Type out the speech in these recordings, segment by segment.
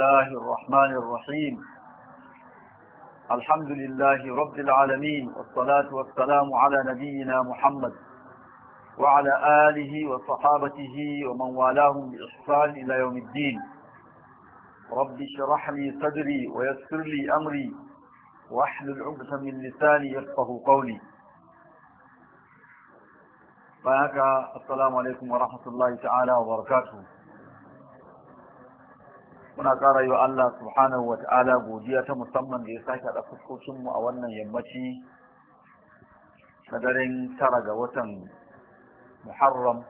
الله الرحمن الرحيم الحمد لله رب العالمين والصلاة والسلام على نبينا محمد وعلى آله وصحابته ومن والاهم بإحسان إلى يوم الدين رب اشرح لي صدري ويسر لي أمري واحلل عقدة من لساني يفقه قولي فهكا السلام عليكم ورحمة الله تعالى وبركاته muna ƙara yi wa Allah subhanahu wa ta'ala godiya ta musamman da ya sake haɗa fuskokinmu a wannan yammaci na daren tara ga watan Muharram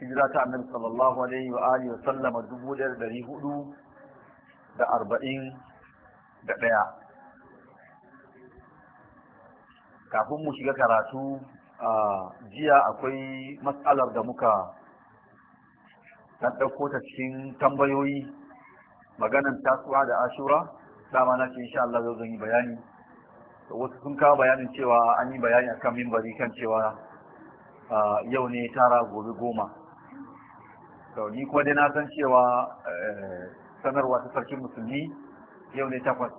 hijira ta annabi sallallahu alaihi wa alihi wa sallama dubu ɗaya da ɗari hudu da arba'in da ɗaya kafin mu shiga karatu a jiya akwai matsalar da muka ɗan ta cikin tambayoyi maganan tasuwa da ashura dama na ce insha Allah zan yi bayani wasu sun kawo bayanin cewa an yi bayani akan mimbari kan cewa yau ne tara gobe goma to ni kuma dai na san cewa e, sanarwa ta sarkin musulmi yau ne takwas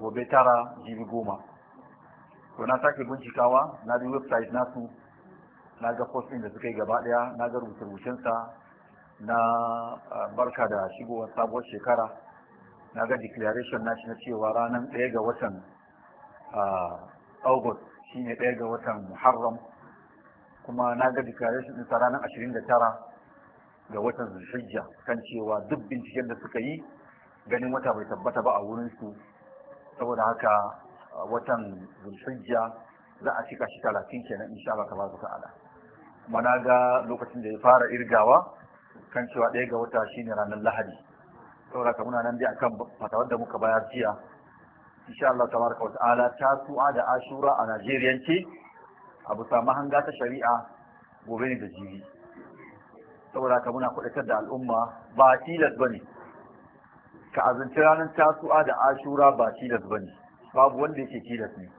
gobe tara jibi goma to na sake bincikawa na bi website nasu na ga posting da suka yi gaba daya na ga rubuce-rubucensa na barka da shigowar sabuwar shekara na ga declaration na shi na cewa ranar ɗaya ga watan august shi ne ɗaya ga watan muharram kuma na ga declaration ɗinsa ranar ashirin ga watan zulhijja kan cewa duk binciken da suka yi ganin wata bai tabbata ba a wurinsu saboda haka watan zulhijja za a cika shi talatin kenan insha Allah tabaraka ta'ala mana ga lokacin da ya fara irgawa kan cewa ɗaya ga wata shine ranar lahadi saboda ka muna nan dai akan fatawar da muka bayar jiya insha Allah tabaraka wa ta'ala su'a da ashura a ce a busa mahanga ta shari'a gobe ne da jibi saboda ka muna kudatar da al'umma ba tilas bane ka azunci ranar tasu'a da ashura ba tilas bane babu wanda yake tilas ne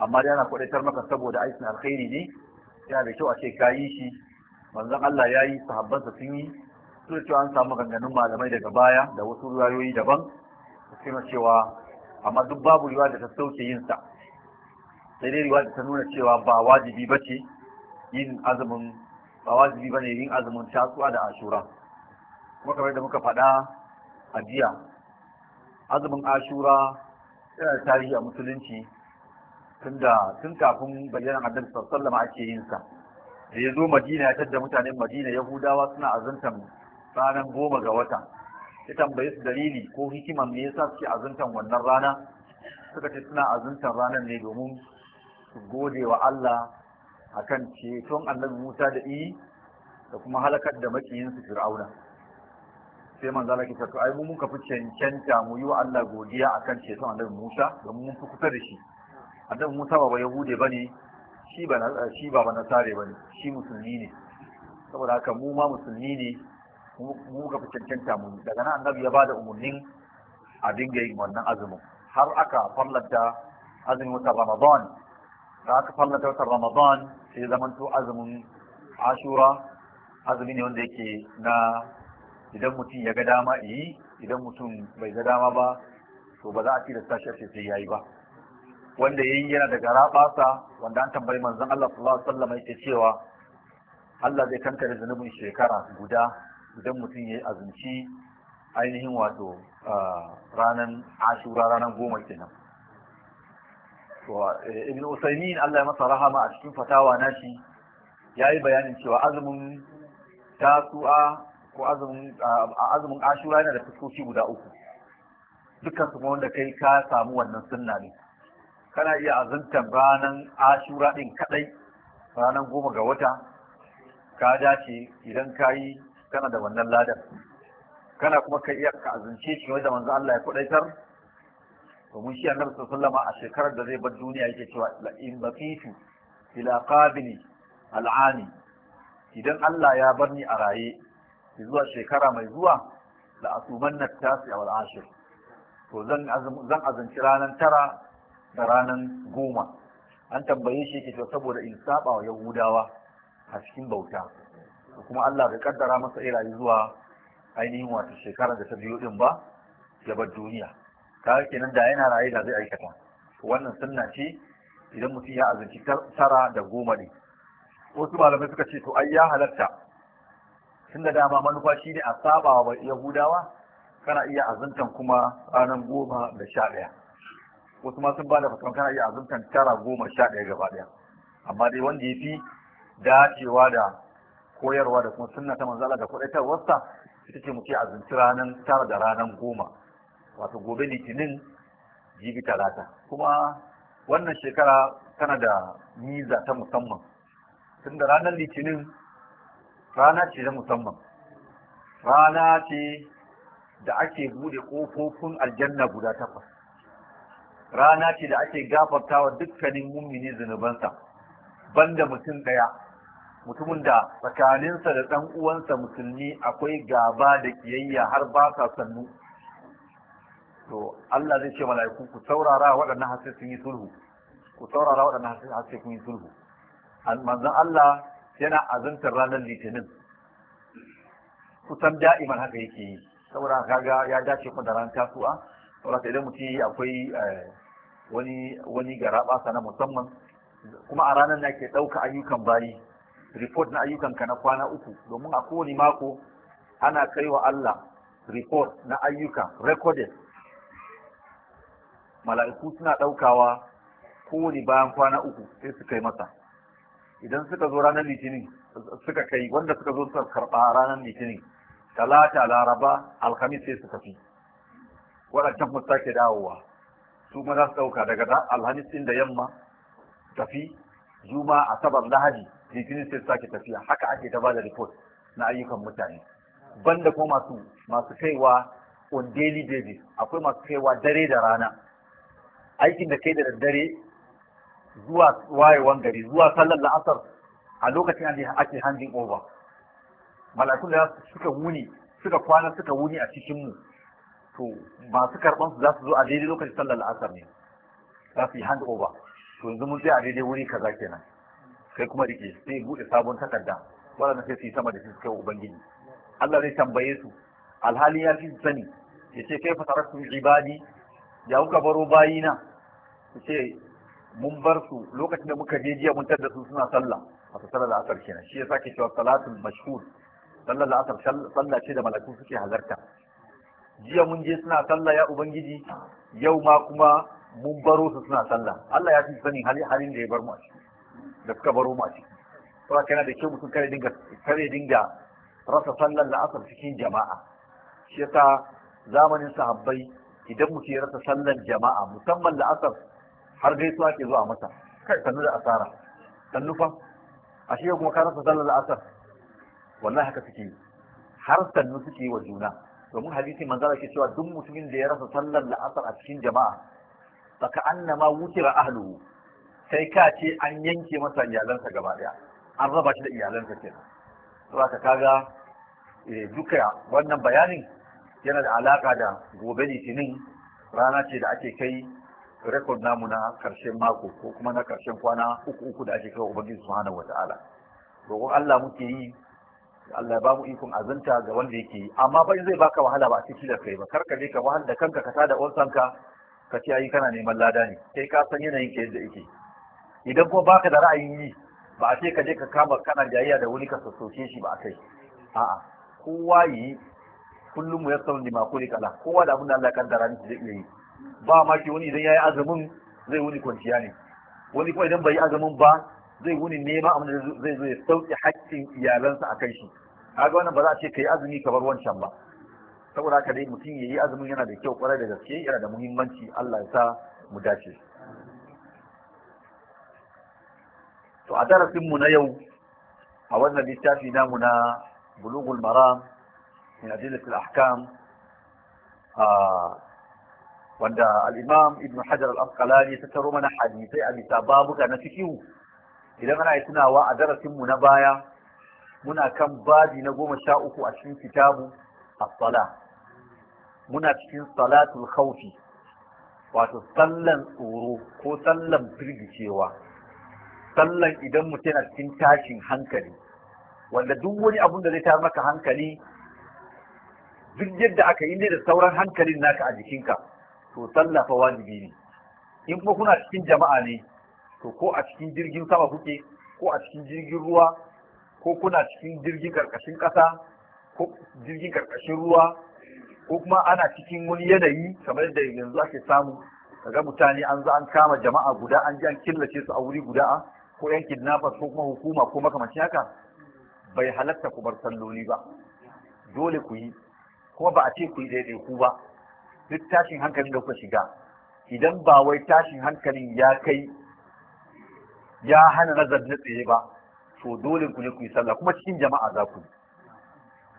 amma dai ana kudatar maka saboda aikin alkhairi ne yana da kyau a ce ka yi shi manzon Allah ya yi sahabbansa sun yi da cewa an samu ganganin malamai daga baya da wasu rayoyi daban suna cewa amma duk babu riwa da ta sauke yin sa sai dai riwa da ta nuna cewa ba wajibi ba ce yin azumin ba wajibi ba ne yin azumin tasuwa da ashura kuma kamar da muka faɗa a jiya azumin ashura yana da tarihi a musulunci tun kafin bayyana annabi sallallahu alaihi wasallam ake yin sa da ya zo madina ya tadda mutanen madina yahudawa suna azantan ranar goma ga wata ya tambaye su dalili ko hikiman me yasa suke azantan wannan rana suka ce suna azantan ranar ne domin su gode wa Allah akan ceton annabi Musa da iyi da kuma halakar da makiyinsu Fir'auna sai manzo Allah ke to ai mu muka fi cancanta mu yi wa Allah godiya akan ceton annabi Musa domin mun fi kusa da shi annabi Musa ba Yahude bane shi ba ba na sare bane shi musulmi ne saboda haka mu ma musulmi ne mu ga cancanta mu daga nan annabi ya bada umurnin a dinga yin wannan azumin har aka fallata azumin wata ramadan da aka fallata wata ramadan sai ya zamanto azumin ashura azumi ne wanda yake na idan mutum ya ga dama yi idan mutum bai ga dama ba to ba za a tilasta shi sai yayi ba wanda ya yi yana daga rabasa wanda an tambayi manzon Allah sallallahu alaihi wasallam yake cewa Allah zai kankare zunubin shekara guda idan mutum ya yi azumci ainihin wato ranan ashura ranan goma kenan to eh, ibn usaymin Allah ya masa rahama a cikin fatawa na nashi yi bayanin cewa azumin tasu'a ko azumin ashura yana da fuskoki guda uku dukkan su wanda kai ka samu wannan sunna ne kana iya azantar ranar ashura ɗin kaɗai ranar goma ga wata ka dace idan ka yi kana da wannan ladan kana kuma ka iya ka azunce shi wanda manzo Allah ya kudaitar domin shi annabi sallallahu a shekarar da zai bar duniya yake cewa la in baqitu ila qabili al'ani idan Allah ya bar ni a raye zuwa shekara mai zuwa la asumanna tasi'a wal ashir to zan zan azanci ranar tara da ranar goma an tambaye shi yake saboda in saba wa yahudawa a cikin bauta kuma Allah bai kaddara masa rayu zuwa ainihin wata shekarar da ta biyo din ba ya bar duniya yake nan da yana raye da zai aikata wannan sunna ce idan mutum ya azanci tara da goma ne wasu malamai suka ce to ai ya halatta tun da dama manufa shi ne a saba wa yahudawa kana iya azantan kuma ranar goma da sha ɗaya wasu ma sun bada fatan kana iya azumtan tara goma sha ɗaya gaba ɗaya amma dai wanda ya fi dacewa da koyarwa da kuma suna ta manzala da kuɗaitarwarsa ita ce muke azumci ranar tara da ranar goma wato gobe litinin jibi talata kuma wannan shekara tana da miza ta musamman tunda ranar litinin rana ce ta musamman rana ce da ake bude ƙofofin aljanna guda takwas rana ce da ake gafarta wa dukkanin mummini zunubansa banda mutum ɗaya mutumin da tsakaninsa da ɗan uwansa musulmi akwai gaba da kiyayya har ba sa sannu to Allah zai ce mala'iku ku saurara waɗannan hasse sun yi sulhu ku saurara waɗannan hasse sun yi sulhu manzon Allah yana azantar ranar litinin kusan da'iman haka yake yi saboda kaga ya dace ku da ran tasu'a saboda idan mutum yi akwai eh, wani wani garaɓasa na musamman kuma a ranar na ke ɗauka ayyukan bayi report na ayyukan ka na kwana uku domin a kowane mako ana kai wa Allah report na ayyuka recorded mala'iku suna ɗaukawa kowane bayan kwana uku sai su kai masa idan suka zo ranar litinin suka kai wanda suka zo suka karɓa ranar litinin talata laraba alhamis sai suka fi. waɗancan kuma sake dawowa su ma za su ɗauka daga alhamis ɗin da yamma tafi juma sabar lahadi litinin sai sake tafiya haka ake ta bada report na ayyukan mutane banda ko masu masu kaiwa on daily basis akwai masu kaiwa dare da rana aikin da kai da daddare zuwa wayewan gari zuwa sallar la'asar a lokacin da ake handing over malakun da suka wuni suka kwana suka wuni a cikin mu to masu karban su za su zo a daidai lokacin sallar la'asar ne za su yi hand over to yanzu mun tsaya a daidai wuri kaza kenan kai kuma rike sai bude sabon takarda waɗanda sai su yi sama da shi kai ubangiji Allah zai tambaye su alhali ya fi sani ya ce kai fasara su ibadi ya kuka baro bayina ya ce mun bar su lokacin da muka je jiya mun tada su suna sallah wato sallar la'asar kenan shi ya sake cewa salatul mashhur sallar la'asar sallah ce da malaku suke halarta jiya mun je suna sallah ya ubangiji yau ma kuma mun baro su suna sallah Allah ya fi sanin halin da ya bar mu a ciki da suka baro mu a ciki kuma kana da kyau mutum kare dinga kare dinga rasa sallar la'asar cikin jama'a shi yasa zamanin sahabbai idan mutum ya rasa sallar jama'a musamman la'asar har gaisuwa ke zuwa masa kai sannu da asara sannu fa a shi kuma ka rasa sallar la'asar wallahi haka suke har sannu suke wa juna domin hadisi manzala ke cewa duk mutumin da ya rasa sallar la'asar a cikin jama'a baka annama wutira ahlu sai ka ce an yanke masa iyalansa gaba daya an raba shi da iyalansa kenan aka kaga eh, duka wannan bayanin yana da alaka da gobe litinin rana ce da ake kai rekod namu na karshen mako ko kuma na karshen kwana uku uku da ake kai ubangiji subhanahu wataala roƙon Allah muke yi Allah ba mu ikon azanta ga wanda yake yi amma bai zai baka wahala ba a cikin da kai ba kar ka je ka wahala da kanka ka tada orsanka ka ce ayi kana neman lada ne kai ka san yanayin ka yadda yake idan kuma baka da ra'ayin yi ba a ce ka je ka kama kana jayayya da wani ka sassoke shi ba a kai a'a kowa yi kullum mu ni lima kulli kala kowa da abin da Allah kan dara zai yi ba ma ki wani idan yayi azumin zai wuni kwanciya ne wani kuma idan bai yi azumin ba zai wuni nema abin da zai zo ya sauke haƙƙin iyalansa a kai shi kaga wannan ba za a ce kai azumi ka bar wancan ba saboda haka dai mutum ya yi azumin yana da kyau kwarai da gaske yana da muhimmanci Allah ya sa mu dace to a darasin mu na yau a wannan littafi namu na bulughul maram min adillatil ahkam wanda al-imam ibn hajar al-asqalani ya tattaro mana hadisai a bisa babuka na fiqh idan ana yi tunawa a darasinmu na baya muna kan babi na goma sha uku a cikin kitabu as-sala muna cikin salatul khawfi wato sallan tsoro ko sallan firgicewa sallan idan mutum yana cikin tashin hankali wanda duk wani abun da zai tayar maka hankali duk yadda aka yi ne da sauran hankalin naka a jikinka to sallah fa wajibi ne in kuma kuna cikin jama'a ne to ko a cikin jirgin sama kuke ko a cikin jirgin ruwa ko kuna cikin jirgin karkashin ƙasa ko jirgin karkashin ruwa ko kuma ana cikin wani yanayi kamar yadda yanzu ake samu kaga mutane an zo an kama jama'a guda an ji an killace su a wuri guda ko yan kidnappers ko kuma hukuma ko makamancin haka bai halatta ku bar salloli ba dole ku yi kuma ba a ce ku yi daidai ku ba duk tashin hankalin da kuka shiga idan ba wai tashin hankalin ya kai ya hana nazar na tsaye ba to dole ku ne ku yi sallah kuma cikin jama'a za ku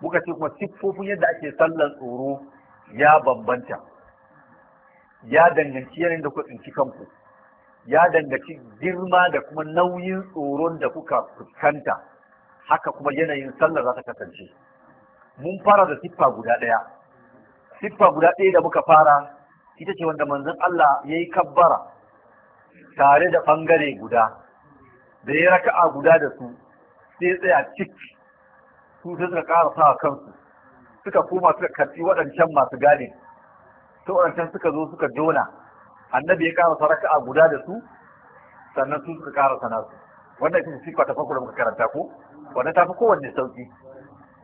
muka ce kuma siffofin yadda ake sallar tsoro ya bambanta ya danganci yanayin da kuka tsinci kanku ya danganci girma da kuma nauyin tsoron da kuka fuskanta haka kuma yanayin sallar za ta kasance mun fara da siffa guda ɗaya siffa guda ɗaya da muka fara ita ce wanda manzon Allah ya yi kabbara tare da ɓangare guda da ya raka'a guda da su sai tsaya cik su sai suka ƙara sa kansu suka koma suka karfi waɗancan masu gane ta waɗancan suka zo suka jona annabi ya ƙarasa raka'a guda da su sannan su suka sana su. wannan ita sifa ta farko da muka karanta ko wannan ta fi kowanne sauki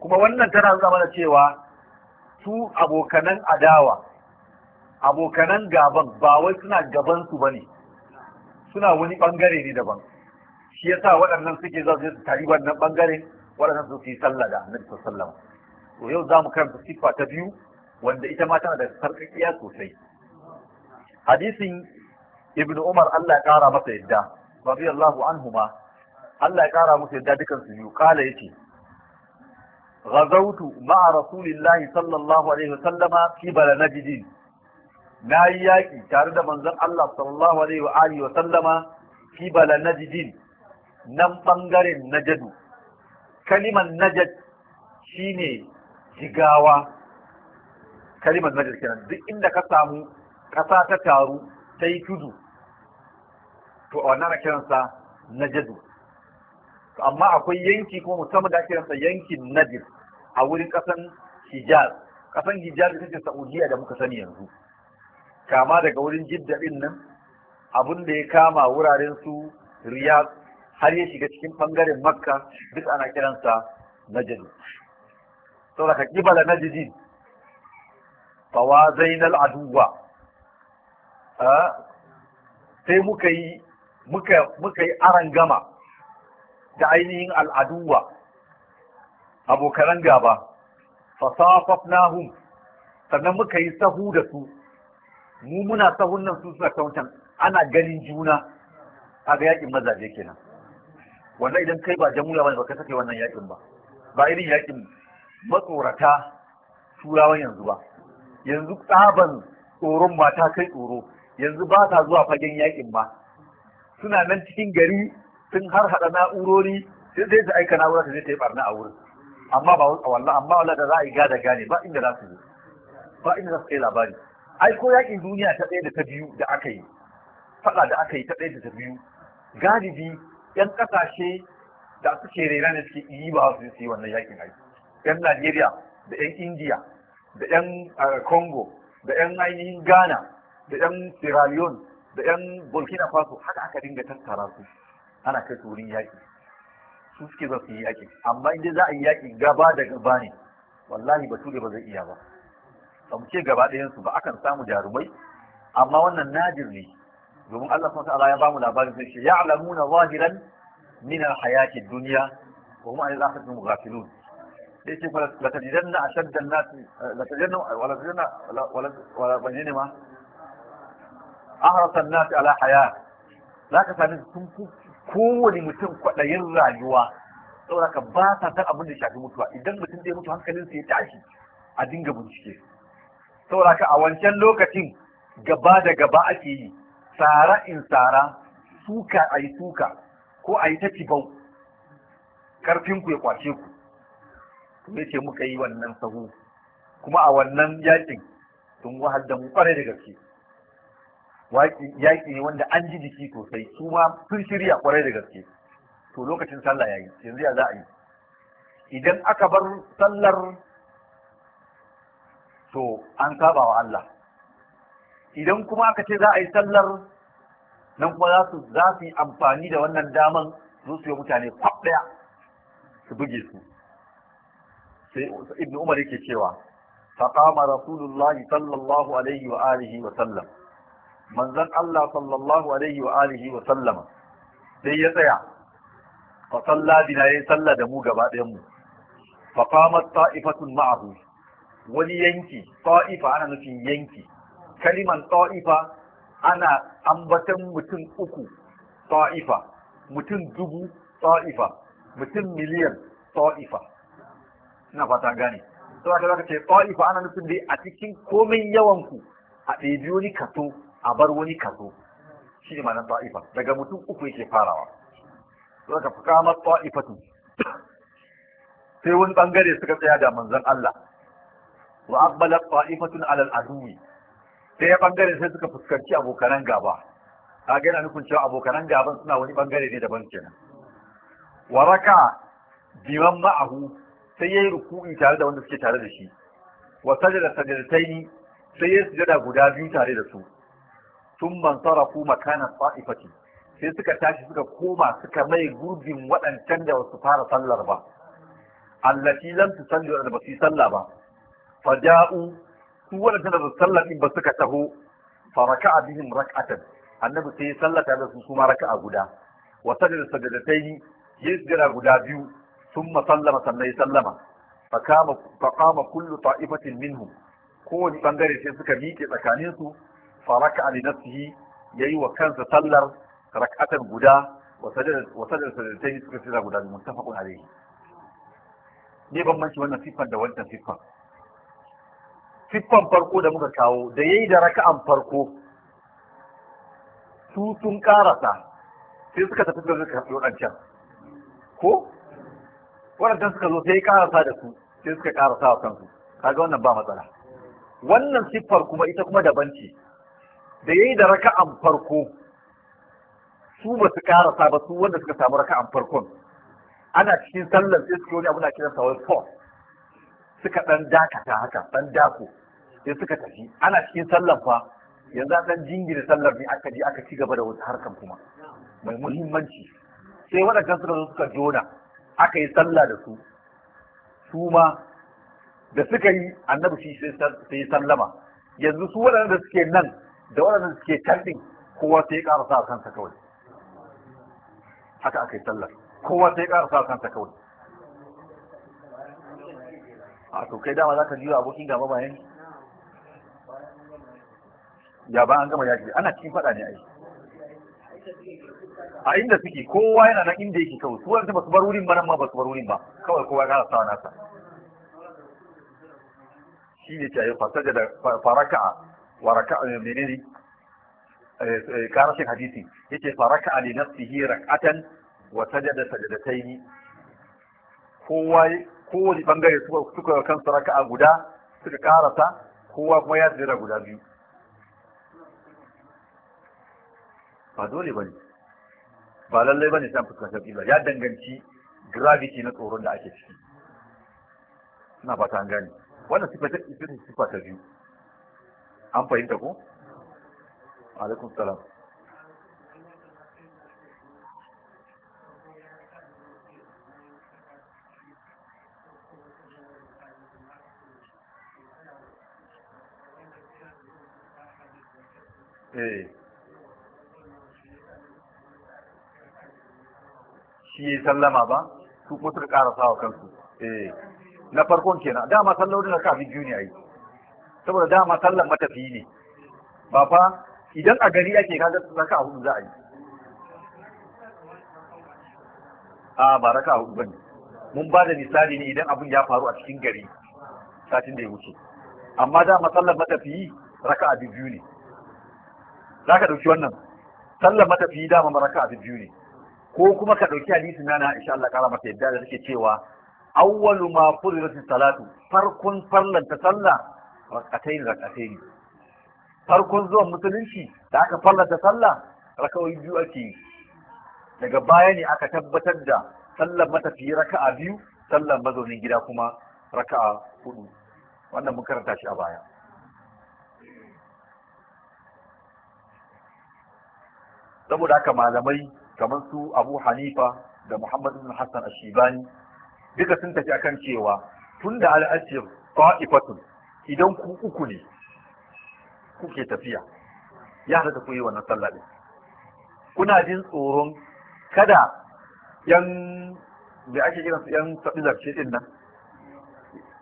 kuma wannan tana nuna mana cewa su abokanan adawa abokanan gaban ba wai suna gaban su bane suna wani bangare ne daban shi yasa waɗannan suke za su tari wannan bangare waɗannan su yi sallah da annabi sallallahu alaihi to yau zamu karanta sifa ta biyu wanda ita ma tana da sarƙaƙiya sosai hadisin ibnu umar Allah ya kara masa yadda radiyallahu anhuma Allah ya kara musu yadda dukan su biyu kala yace غزوت مع رسول الله صلى الله عليه وسلم في بلنجد na yi yaƙi tare da manzon Allah sallallahu alaihi wa alihi wa sallama fi balanajidin nan ɓangaren najadu kaliman najad shine jigawa kaliman najad kenan duk inda ka samu ƙasa ta taru ta yi tudu to a wannan kiransa najadu amma akwai yanki kuma musamman da ake kiransa yankin najid a wurin ƙasan hijaz ƙasan hijaz ita saudiya da muka sani yanzu kama daga wurin jidda nan abin da ya kama wuraren su riyadh har ya shiga cikin bangaren makka duk ana kiransa najdi saboda ka kibala najdi tawazainal aduwa sai muka yi muka muka yi arangama da ainihin al'aduwa abokanan gaba fasafafnahum sannan muka yi sahu da su mu muna sahun nan su suna ana ganin juna a ga yakin mazaje kenan wannan idan kai ba jamuya bane ba kai sake wannan yakin ba ba irin yakin matsorata turawan yanzu ba yanzu tsaban tsoron mata kai tsoro yanzu ba ta zuwa fagen yakin ba suna nan cikin gari sun har hada na'urori sai zai su aika na'ura ta zai ta yi barna a wurin amma ba a walla amma wala da za a yi gada gane ba inda za su zo ba inda za su kai labari ai ko yakin duniya ta ɗaya da ta biyu da aka yi faɗa da aka yi ta ɗaya da ta biyu galibi 'yan ƙasashe da suke rera ne suke yi ba su yi wannan yakin aiki yan najeriya da yan indiya da yan congo da yan ainihin ghana da yan sierra leone da yan burkina faso haka aka dinga tattara su ana kai su wurin yaƙi su suke za su yi yaƙi. amma inda za a yi yaƙi gaba da gaba ne wallahi bature ba zai iya ba ba mu ce gaba ɗayan ba akan samu jarumai amma wannan nadir ne domin Allah subhanahu ta'ala ya bamu labarin sai ya'lamuna zahiran min al-hayati ad-dunya wa hum an al-akhirati mughafilun dai ce fara la tajidanna ashadda an-nas la tajidanna wa la tajidanna wa la bajina ma ahrasa an-nas ala hayat zaka sami sun kowane mutum kwaɗayin rayuwa saboda ka ba sa san abin da shafi mutuwa idan mutum zai mutu hankalinsa ya tashi a dinga bincike saboda ka a wancan lokacin gaba da gaba ake yi tsara in tsara suka a yi suka ko a yi ta cibau karfinku ya kwace ku ya ce muka yi wannan sahu kuma a wannan yakin sun wahal da mu kwarai da gaske yaki ne wanda an ji jiki sosai su ma sun shirya kwarai da gaske to lokacin sallah yayi yanzu ya za a yi idan aka bar sallar to an saba wa Allah idan kuma aka ce za a yi sallar nan kuma za su za su yi amfani da wannan daman su su yi mutane kwab ɗaya su buge su sai Ibn umar yake cewa فقام رسول sallallahu alaihi wa عليه wa وسلم من Allah sallallahu alaihi wa عليه wa sallama, sai ya tsaya fa salla bina yayi salla da mu gaba ɗayan mu fa qamat ta'ifatun ma'ahu wani yanki ta'ifa ana nufin yanki kaliman ta'ifa ana ambatan mutum uku ta'ifa mutum dubu ta'ifa mutum miliyan ta'ifa ina fata gane to aka zaka ce ta'ifa ana nufin dai a cikin komai yawan ku a ɗebi wani kato a bar wani kato shi ne ma'anar ta'ifa daga mutum uku yake farawa to aka fuka ma ta'ifatu sai wani bangare suka tsaya da manzon Allah wa aqbalat ta'ifatun alal aduwi ya bangare sai suka fuskanci abokanan gaba a gina nufin cewa abokanan gaban suna wani bangare ne daban kenan waraka biman ma'ahu sai ya yi ruku'i tare da wanda suke tare da shi wa da sajadataini sai ya su sujada guda biyu tare da su sun mansarafu makanan fa'ifati sai suka tashi suka koma suka mai gurbin waɗancan da wasu fara sallar ba sallar da ba su yi sallah ba ja'u su waɗanda da sallar din ba suka taho fa raka'a bihim rak'atan annabi sai ya sallata da su kuma raka'a guda wa sajada sajadatayn ya sujada guda biyu sun ma sallama sannan ya sallama fa kama fa qama kullu ta'ifatin minhum kowane bangare sai suka miƙe tsakanin su fa raka'a li ya yi wa kansa sallar rak'atan guda wa sajada wa sajada sajadatayn suka sujada guda muttafaqun alayhi ne banbanci wannan siffan da wancan siffan siffan farko da muka kawo da yayi da raka'an farko su sun karasa sai suka tafi da suka karɓi wadancan ko wadancan suka zo sai karasa da su sai suka karasa wa kansu kaga wannan ba matsala wannan siffar kuma ita kuma daban ce da yayi da raka'an farko su ba su karasa ba su wanda suka samu raka'an farkon ana cikin sallar sai suka yi wani abu na kiransa wai suka ɗan dakata haka ɗan dako sai suka tafi ana cikin sallar fa yanzu dan jingiri sallar ne aka ji, aka ci gaba da wata harkar kuma mai muhimmanci sai waɗannan suka zo suka jona aka yi sallah da su su ma da suka yi annabi shi sai ya sallama yanzu su waɗannan da suke nan da waɗannan da suke can ɗin kowa sai ya ƙara sa kansa kawai haka aka yi sallar kowa sai ya ƙara sa kansa kawai a to kai dama za ka jiwa abokin gaba bayan ya ba an gama yaki ana cikin faɗa ne yi. a inda suke kowa yana nan inda yake kawai su wanda basu bar wurin ba nan ma basu bar wurin ba kawai kowa ya sa nasa shi ne cewa fasaja da faraka wa raka'a eh, menene eh, eh, karashin hadisi yace faraka li nafsihi rak'atan wa sajada ni. kowa kowani bangare suka suka kansa raka'a guda suka karasa kowa kuma ya zira guda biyu ba dole ba ne ba lallai ba ne sai an fuskantar sauƙi ba ya danganci gravity na tsoron da ake ciki Suna ba ta gane wannan sifa ta sifa ta biyu an fahimta ko alaikum salam eh shi yi sallama ba su kuma suka sawa wa kansu eh na farkon kenan dama sallolin da kafin biyu ne ai saboda dama sallar matafiyi ne ba fa idan a gari ake kaga raka hudu za a yi a ba raka hudu bane mun ba da misali ne idan abin ya faru a cikin gari satin da ya wuce amma dama sallar matafiyi raka a biyu ne za ka ɗauki wannan sallar matafiyi dama raka a biyu ne ko kuma ka ɗauki hadisin nana insha Allah ƙara maka yadda da take cewa awwalu ma furidat salatu farkon farlan ta sallah rakatain rakatain farkon zuwan musulunci da aka farlanta sallah rakawai biyu ake daga baya ne aka tabbatar da sallar matafi raka'a biyu sallar mazaunin gida kuma raka'a hudu wannan mun karanta shi a baya saboda haka malamai kamar su abu hanifa da muhammad bin hassan ashibani duka sun tafi akan cewa tun da al'ashir fa'ifatun idan ku uku ne kuke tafiya ya haɗa ku yi wannan sallah din kuna jin tsoron kada yan da ake kiransu su yan sabi ce din nan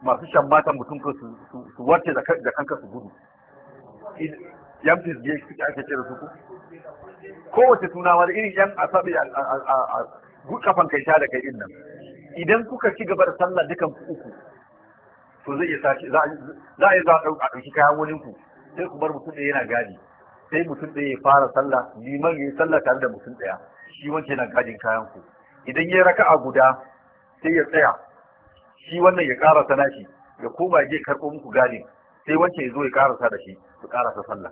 masu shan mata mutum ko su warce da kanka su gudu yan fisge ake ce da su kowace suna wani irin yan asabi a kafan kai sha da kai din nan idan kuka ci gaba da sallah dukan uku to zai iya sace za a yi za a ɗauki kayan wurin ku sai ku bar mutum ɗaya yana gadi sai mutum ɗaya ya fara sallah liman ya yi sallah tare da mutum ɗaya shi wancan yana gadin kayan ku idan ya raka a guda sai ya tsaya shi wannan ya ƙarasa nashi ya koma ya je karɓo muku gadin sai wancan ya zo ya ƙarasa da shi su ƙarasa sallah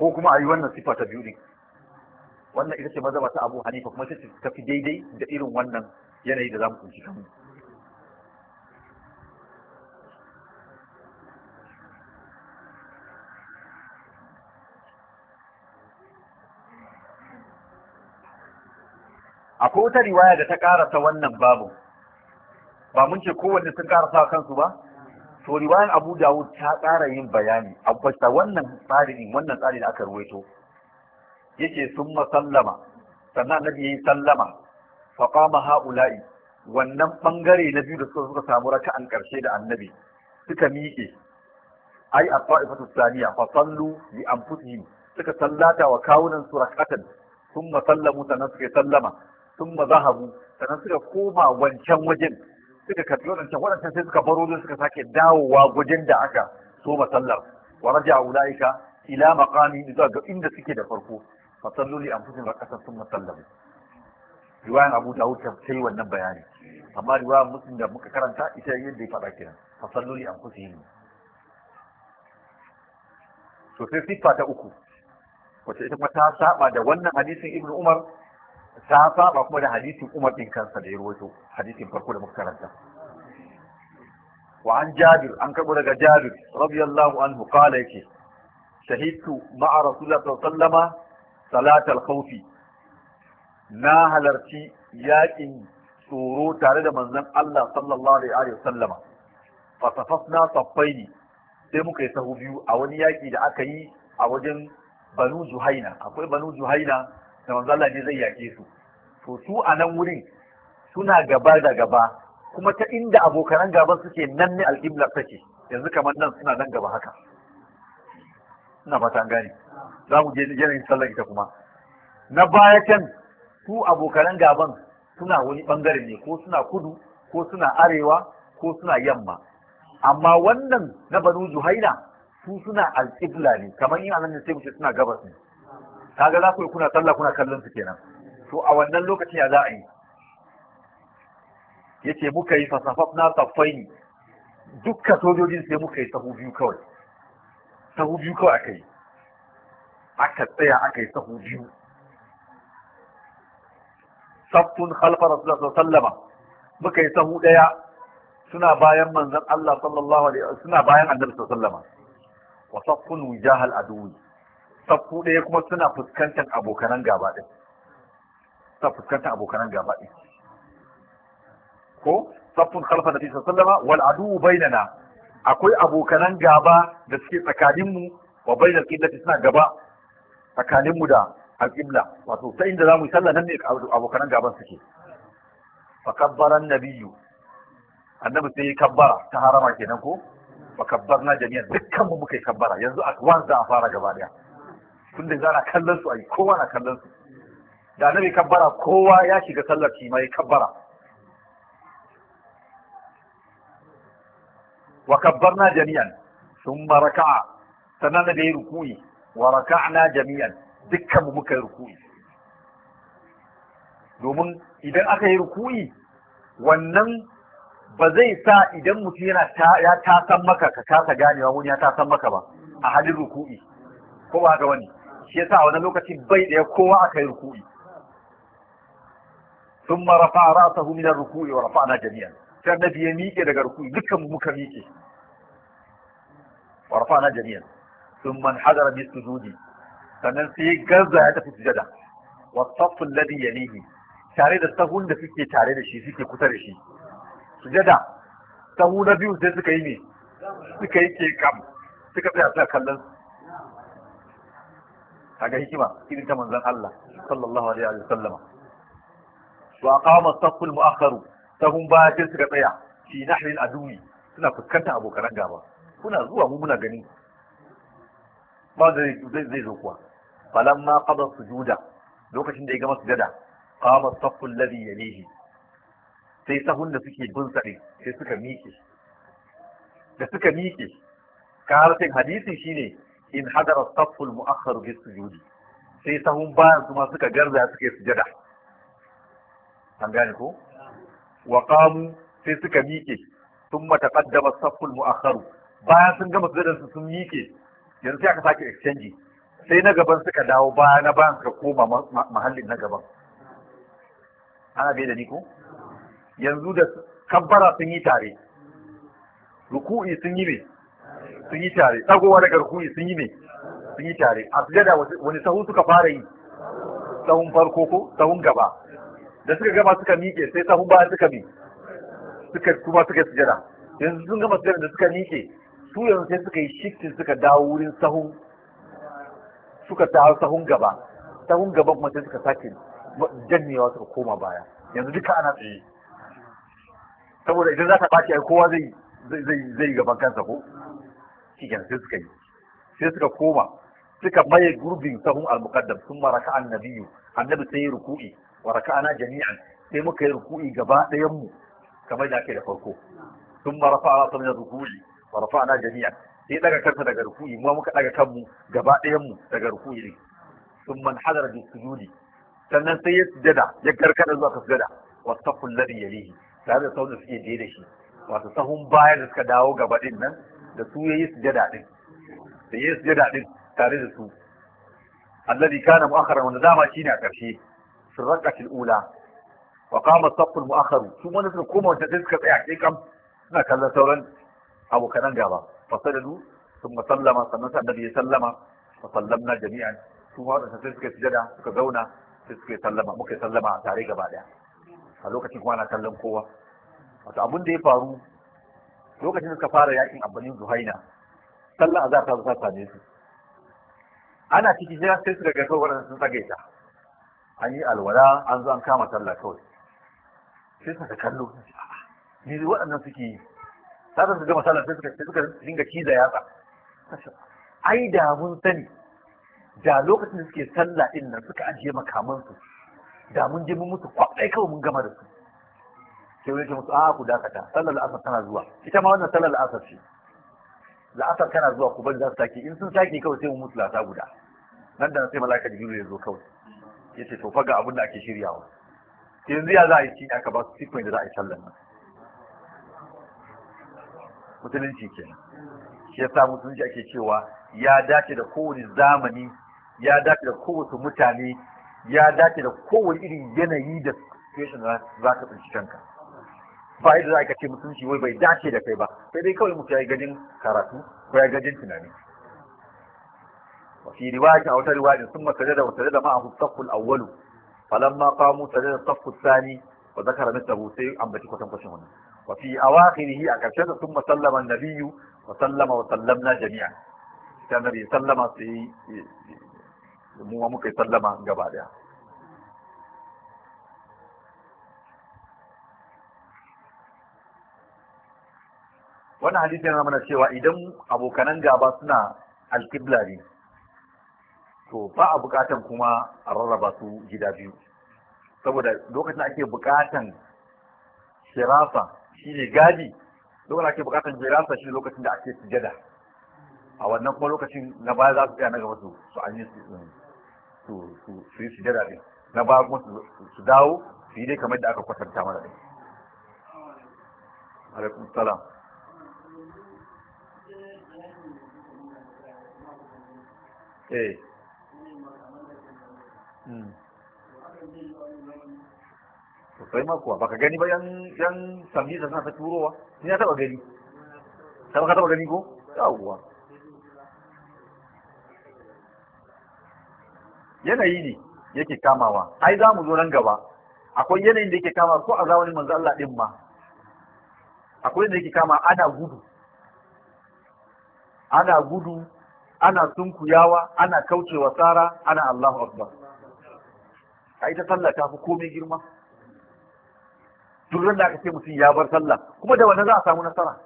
ko kuma a yi wannan sifa ta biyu ne wannan ita ce mazaba ta abu hanifa kuma ita ce tafi daidai da irin wannan yanayi da za mu kunshi kanmu akwai wata riwaya da ta karasa wannan babu ba mun ce kowanne sun karasa kansu ba to riwayan Abu Dawud ta ƙara yin bayani a bisa wannan tsarin wannan tsari da aka ruwaito yace summa sallama sannan annabi yayi sallama fa qama haula'i wannan bangare na biyu da suka suka samu raka'an karshe da annabi suka miƙe ai a ta'ifatu thaniya fa sallu li anfusihim suka sallata wa kawunan su rak'atan thumma sallamu sannan suka sallama thumma zahabu sannan suka koma wancan wajen suka karbi wadancan wadancan sai suka baro suka sake dawowa gudun da aka so masallar wa raja ulaika ila maqami zuwa ga inda suke da farko fasallu li anfusihim wa qasas thumma sallamu riwayan Abu Dawud ta sai wannan bayani amma riwayan Muslim da muka karanta ita yadda ya faɗa kenan fasallu li anfusihim to sai siffa ta uku wacce ita kuma ta saba da wannan hadisin ibnu Umar ta saba kuma da hadisin Umar din kansa da ya rawaito farko da muka wa an Jabir an karbo daga Jabir radiyallahu anhu qala yake shahidtu ma'a Rasulullah sallallahu salatal khawfi na halarci yaƙin tsoro tare da manzon Allah sallallahu alaihi wa sallama fa tafasna saffaini sai muka sahu biyu a wani yaƙi da aka yi a wajen Banu Juhaina akwai Banu Juhaina da manzo Allah ne zai yake su to su a nan wurin suna gaba da gaba kuma ta inda abokanan gaban suke nan ne alƙibla take yanzu kamar nan suna nan gaba haka ina fata an gane za mu je yanayin sallar ita kuma na baya can su abokanan gaban suna wani bangare ne ko suna kudu ko suna arewa ko suna yamma amma wannan na banu juhaina su suna alƙibla ne kamar yin anan ne sai mu ce suna gabas ne kaga za ku yi kuna sallah kuna kallon su kenan to a wannan lokacin ya za a yi yace muka yi fasafaf na safai dukkan sojojin sai muka yi sahu biyu kawai sahu biyu kawai aka yi aka tsaya aka yi sahu biyu saftun khalfa rasulullah sallama muka yi sahu daya suna bayan manzon Allah sallallahu alaihi suna bayan annabi sallama wa saffun wijahal aduwi safu ɗaya kuma suna fuskantar abokanan gaba ɗin suna fuskantar abokanan gaba ɗin ko kalfa da fi sallallahu wal adu bainana akwai abokanan gaba da suke tsakaninmu wa da qiblati suna gaba tsakaninmu da al wato ta inda mu yi sallah nan ne abokanan gaban suke fa Nabiyu. annabi sai ya kabbara ta harama kenan ko fa na jamia dukkan mu muka yi kabbara yanzu a wanzu za a fara gaba ɗaya tun da zana kallon su ayi, kowa na kallon su da mai kabbara kowa ya shiga sallar shi mai kabbara wa kabbarna jami'an thumma raka'a sannan da yi ruku'i wa raka'na jami'an dukkan mu muka yi ruku'i domin idan aka yi ruku'i wannan ba zai sa idan mutum yana ya tasan maka ka kasa ganewa wani ya tasan maka ba a halin ruku'i ko ba ga wani shi yasa a wani lokaci bai ɗaya kowa aka yi ruku'i sun marafa ta min ruku'i wa rafa'na jami'a. sai na ya miƙe daga ruku'i dukkan muka miƙe wa rafa'na jami'a. sun man hadara bi sujudi sannan sai ya garza ya tafi sujada wa ladin ya yalihi tare da sahun da suke tare da shi suke kusa da shi sujada sahu na biyu sai suka yi ne suka yi ke kam suka tsaya suna kallon su kaga hikima irin ta manzon Allah sallallahu alaihi wa sallama wa aqama saful mu'akharu tahun baya sai suka tsaya fi nahril adumi suna fuskantar abokan gaba kuna zuwa mu muna gani ba zai zai zo kuwa falamma qada sujuda lokacin da ya gama sujada qama saful ladhi yalihi sai sahun da suke bin sai suka miƙe da suka miƙe ka harfin hadisin shine in hadara saful mu'akhkhar bi sujudi sai sahun bayan su ma suka garza suka yi sujada an gane ko wa qamu sai suka miƙe thumma taqaddama saful mu'akhkhar bayan sun gama sujada su sun miƙe yanzu sai aka sake exchange sai na gaban suka dawo baya na bayan suka koma mahallin na gaban ana bai da ni ko yanzu da kabbara sun yi tare ruku'i sun yi ne sun yi tare tsagowa da garkuyi sun yi ne sun yi tare a sujada wani sahu suka fara yi sahun farko ko sahun gaba da suka gama suka miƙe sai sahun baya suka mi suka kuma suka sujada yanzu sun gama sujada da suka miƙe su yanzu sai suka yi shifting suka dawo wurin sahun suka dawo sahun gaba sahun gaba kuma sai suka sake janyewa suka koma baya yanzu duka ana tsaye saboda idan za ta ɓaci kowa zai zai zai gaban kansa ko cikin sai suka yi sai suka koma suka maye gurbin sahun al-muqaddam sun maraka annabiyu annabi sai ruku'i wa raka'ana jami'an sai muka yi ruku'i gaba ɗayan mu kamar da ake da farko sun marafa a sanar ruku'i wa rafa'ana jami'an sai daga kansa daga ruku'i mu muka daga kanmu gaba ɗayan mu daga ruku'i ne sun man hadara bi sujudi sannan sai ya sujada ya karkada zuwa ka sujada wa saffu alladhi yalihi tare da sauran suke da shi wato sahun baya da suka dawo gaba ɗin nan da su ya yayi sujada din da ya yayi sujada din tare da su alladhi kana mu'akhkharan wanda dama ne a ƙarshe, karshe sirraqatil ula wa kama as-saff al-mu'akhkhar su wanda suka koma wanda suka tsaya kai kam suna kallon sauran abokanan gaba fasallu sun masallama sannan annabi ya sallama fa sallamna jami'an su ma wanda suka yi sujada suka zauna sai suka sallama muka yi sallama tare gaba ɗaya. a lokacin kuma ana kallon kowa wato abin da ya faru lokacin da suka fara yakin abbanin zuhaina sallah azhar ta zo ta same su ana ciki jira sai su daga kawai sun tsage ta an yi alwala an zo an kama sallah kawai sai suka kallo ni waɗannan suke yi sai su gama sallah sai suka sai suka dinga ciza yatsa ai da mun sani da lokacin da suke sallah din nan suka ajiye makamansu da mun je mun mutu kwaɗai kawai mun gama da su sai wani ke musu a ah, ku dakata sallar la'asar tana zuwa ita ma wannan sallar la'asar ce la'asar tana zuwa ku bari za su sake in sun sake kawai sai mu mutu lata guda nan da sai malaka jibril ya zo kawai ya ce to ga abin da ake shiryawa yanzu ya za a yi shi aka ba su sequence da za a yi sallar nan musulunci ke shi ya yasa musulunci ake cewa ya dace da kowane zamani ya dace da kowace mutane ya dace da kowane irin yanayi da situation za ka tsinci kanka fa'idar da aka ce mutunci wai bai dace da kai ba sai dai kawai mutum ya yi gajin karatu ko ya gajin tunani wa fi riwaji a wata riwaji sun makare da wata da ma'ahu tsakkul awwalu ma famu tare da tsakkul sani wa zakara mista bu sai ambaci kwatan kwashin wannan wa fi awakhirihi a karshe da sun masallama nabiyyu wa sallama wa sallamna jami'a ta nabi sallama sai mu muka yi sallama gaba daya wannan hadisi yana mana cewa idan abokanan gaba suna alkibla ne to ba a bukatan kuma a rarraba su gida biyu saboda lokacin ake bukatan shirasa shine gadi lokacin ake bukatan shirasa shine lokacin da ake sujada a wannan kuma lokacin na baya za su tsaya na gaba su su an yi su su yi sujada ne na baya kuma su dawo su yi dai kamar da aka kwatanta mana din alaikum salam eh sosai hmm. ma kuwa baka gani ba yan yan samisa suna ta turowa ni na taba gani ka taba gani ko yawwa yanayi ne yake kamawa ai za mu zo nan gaba akwai yanayin da yake kama ko a zamanin manzo Allah din ma akwai da yake kama ana gudu ana gudu ana sunkuyawa ana kaucewa tsara ana Allahu akbar a ita sallah ta fi komai girma duk da aka ce mutum ya bar sallah kuma da wannan za a samu nasara